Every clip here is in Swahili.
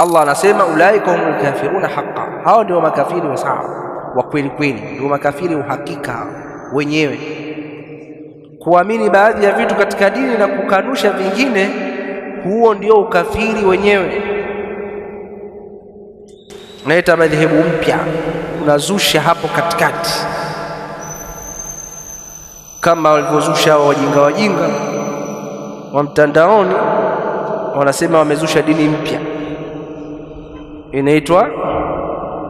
Allah anasema ulaika humul kafiruna haqqan, hao ndio makafiri wa sawa wa kweli kweli, ndio makafiri uhakika wenyewe. Kuamini baadhi ya vitu katika dini na kukanusha vingine, huo ndio ukafiri wenyewe. Unaleta madhehebu mpya, unazusha hapo katikati, kama walivyozusha hao wajinga wajinga wa mtandaoni, wanasema wamezusha dini mpya inaitwa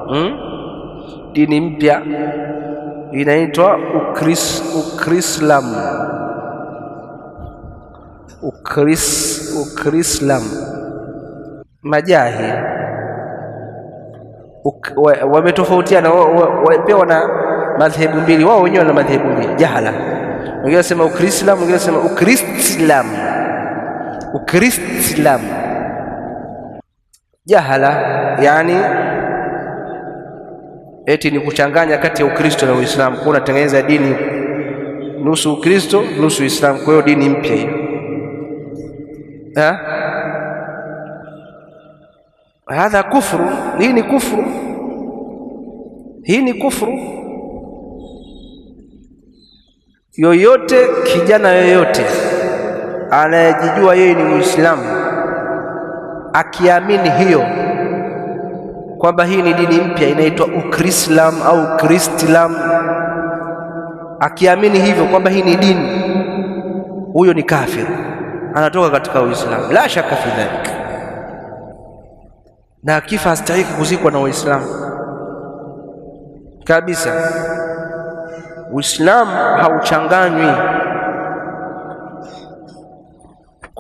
hmm? dini mpya inaitwa Ukris, Ukrislam, Ukris, Ukrislam. Majahi wametofautiana wa, wa, wa, pia wana madhehebu mbili, wao wenyewe wana madhehebu mbili jahala. Wengine wanasema Ukrislam, wengine wanasema Ukrislam, Ukrislam jahala, yani eti ni kuchanganya kati ya Ukristo na Uislamu, kwa unatengeneza dini nusu Ukristo nusu Uislamu. Kwa hiyo dini mpya hiyo ha? Hadha kufru, hii ni kufru, hii ni kufru. Yoyote kijana yoyote anayejijua yeye ni Muislamu akiamini hiyo kwamba hii ni dini mpya inaitwa Ukrislam au Kristlam, akiamini hivyo kwamba hii ni dini, huyo ni kafiri, anatoka katika Uislamu, la shaka fi dhalika, na akifa hastahiki kuzikwa na Waislamu kabisa. Uislamu hauchanganywi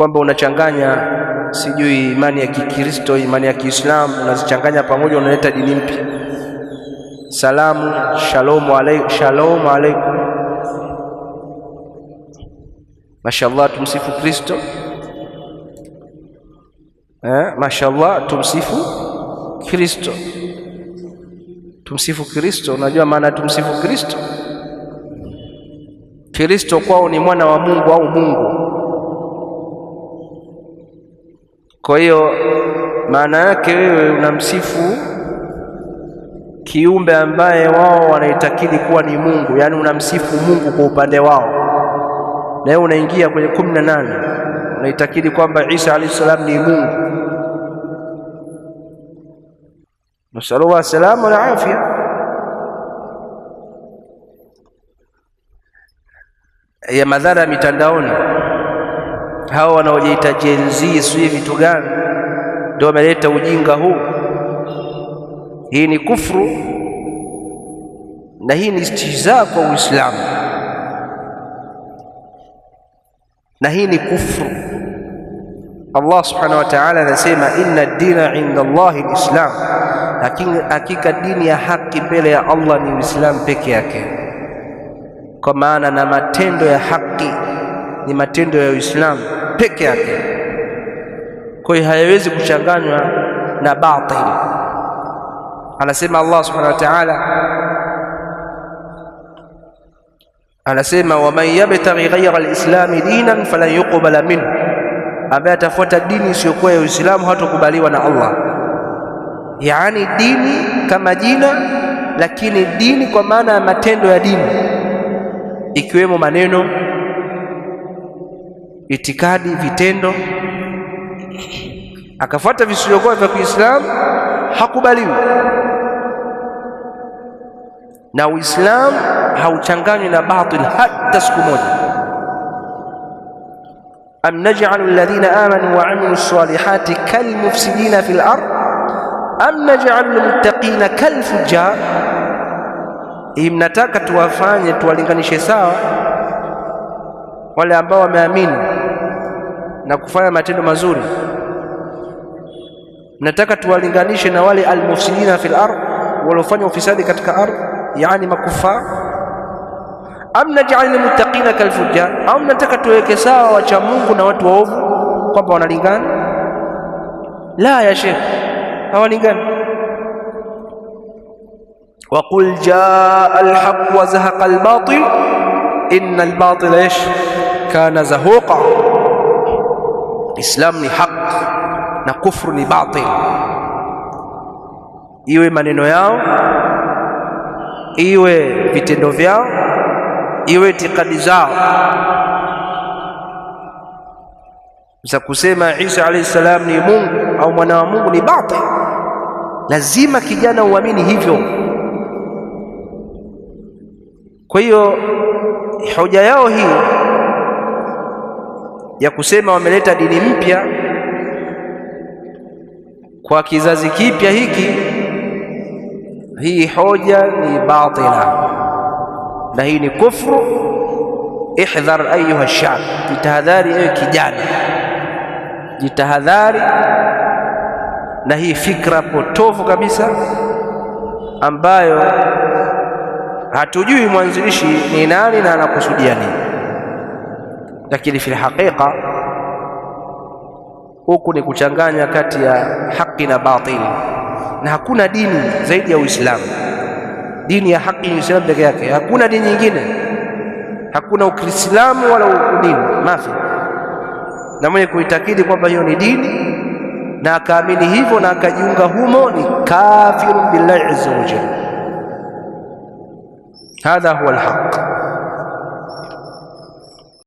kwamba unachanganya sijui imani ya Kikristo, imani ya Kiislamu, unazichanganya pamoja, unaleta dini mpya. Salamu shalomu aleikum shalomu alaikum. Mashallah, tumsifu Kristo eh, mashallah, tumsifu Kristo, tumsifu Kristo. Unajua maana tumsifu Kristo? Kristo kwao ni mwana wa Mungu au Mungu Kwa hiyo maana yake wewe unamsifu kiumbe ambaye wao wanaitakidi kuwa ni Mungu, yaani unamsifu Mungu kwa upande wao, na wewe unaingia kwenye kumi na nane unaitakidi kwamba Isa alayhi salam ni Mungu. Nasalullah salama ala afia. Ya madhara ya mitandaoni hawa wanaojiita Gen Z sijui vitu gani, ndio wameleta ujinga huu. Hii ni kufru na hii ni istihzaa kwa Uislamu, na hii ni kufru. Allah subhanahu wa ta'ala anasema, inna dina inda Allahi lislam, hakika dini ya haki mbele ya Allah ni Uislamu peke yake, kwa maana na matendo ya haki ni matendo ya Uislamu peke yake. Kwa hiyo hayawezi kuchanganywa na batil. Anasema Allah subhanahu wa ta'ala, anasema waman yabtaghi ghaira lislami dinan falan yuqbala minhu, ambaye atafuata dini isiyokuwa ya Uislamu hatokubaliwa na Allah. Yaani dini kama jina, lakini dini kwa maana ya matendo ya dini, ikiwemo maneno itikadi, vitendo. Akafuata visivyokuwa vya Kiislamu hakubaliwi, na Uislamu hauchanganywi na batil hata siku moja. Am naj'alu alladhina amanu wa amilu salihati kalmufsidina fil ard am naj'alu almuttaqina kalfujar hii mnataka tuwafanye tuwalinganishe sawa wale ambao wameamini na kufanya matendo mazuri. Nataka tuwalinganishe na wale almufsidina fil ardh, waliofanya ufisadi katika ardh, yani makufa Am naj'alul muttaqina kalfujjar, au nataka tuweke sawa wacha Mungu na watu waovu kwamba wanalingana? La ya Sheikh, hawalingani. Waqul jaa alhaq wa zahaqa albatil inna albatila ish kana zahuqa Islam ni haq na kufru ni batil, iwe maneno yao, iwe vitendo vyao, iwe itikadi zao za kusema Isa alayhi salam ni Mungu au mwana wa Mungu ni batil. Lazima kijana uamini hivyo. Kwa hiyo hoja yao hii ya kusema wameleta dini mpya kwa kizazi kipya hiki, hii hoja ni batila na hii ni kufru. Ihdhar ayuha shab, jitahadhari ewe kijana, jitahadhari na hii fikra potofu kabisa ambayo hatujui mwanzilishi ni nani na anakusudia nini lakini fil haqiqa huku ni kuchanganya kati ya haki na batili, na hakuna dini zaidi ya Uislamu. Dini ya haki ni Uislamu peke yake, hakuna dini nyingine, hakuna Ukristilamu wala udini mafi. Na mwenye kuitakidi kwamba hiyo ni dini na akaamini hivyo na akajiunga humo ni kafiru billahi azza wa jalla. Hadha huwa alhaq.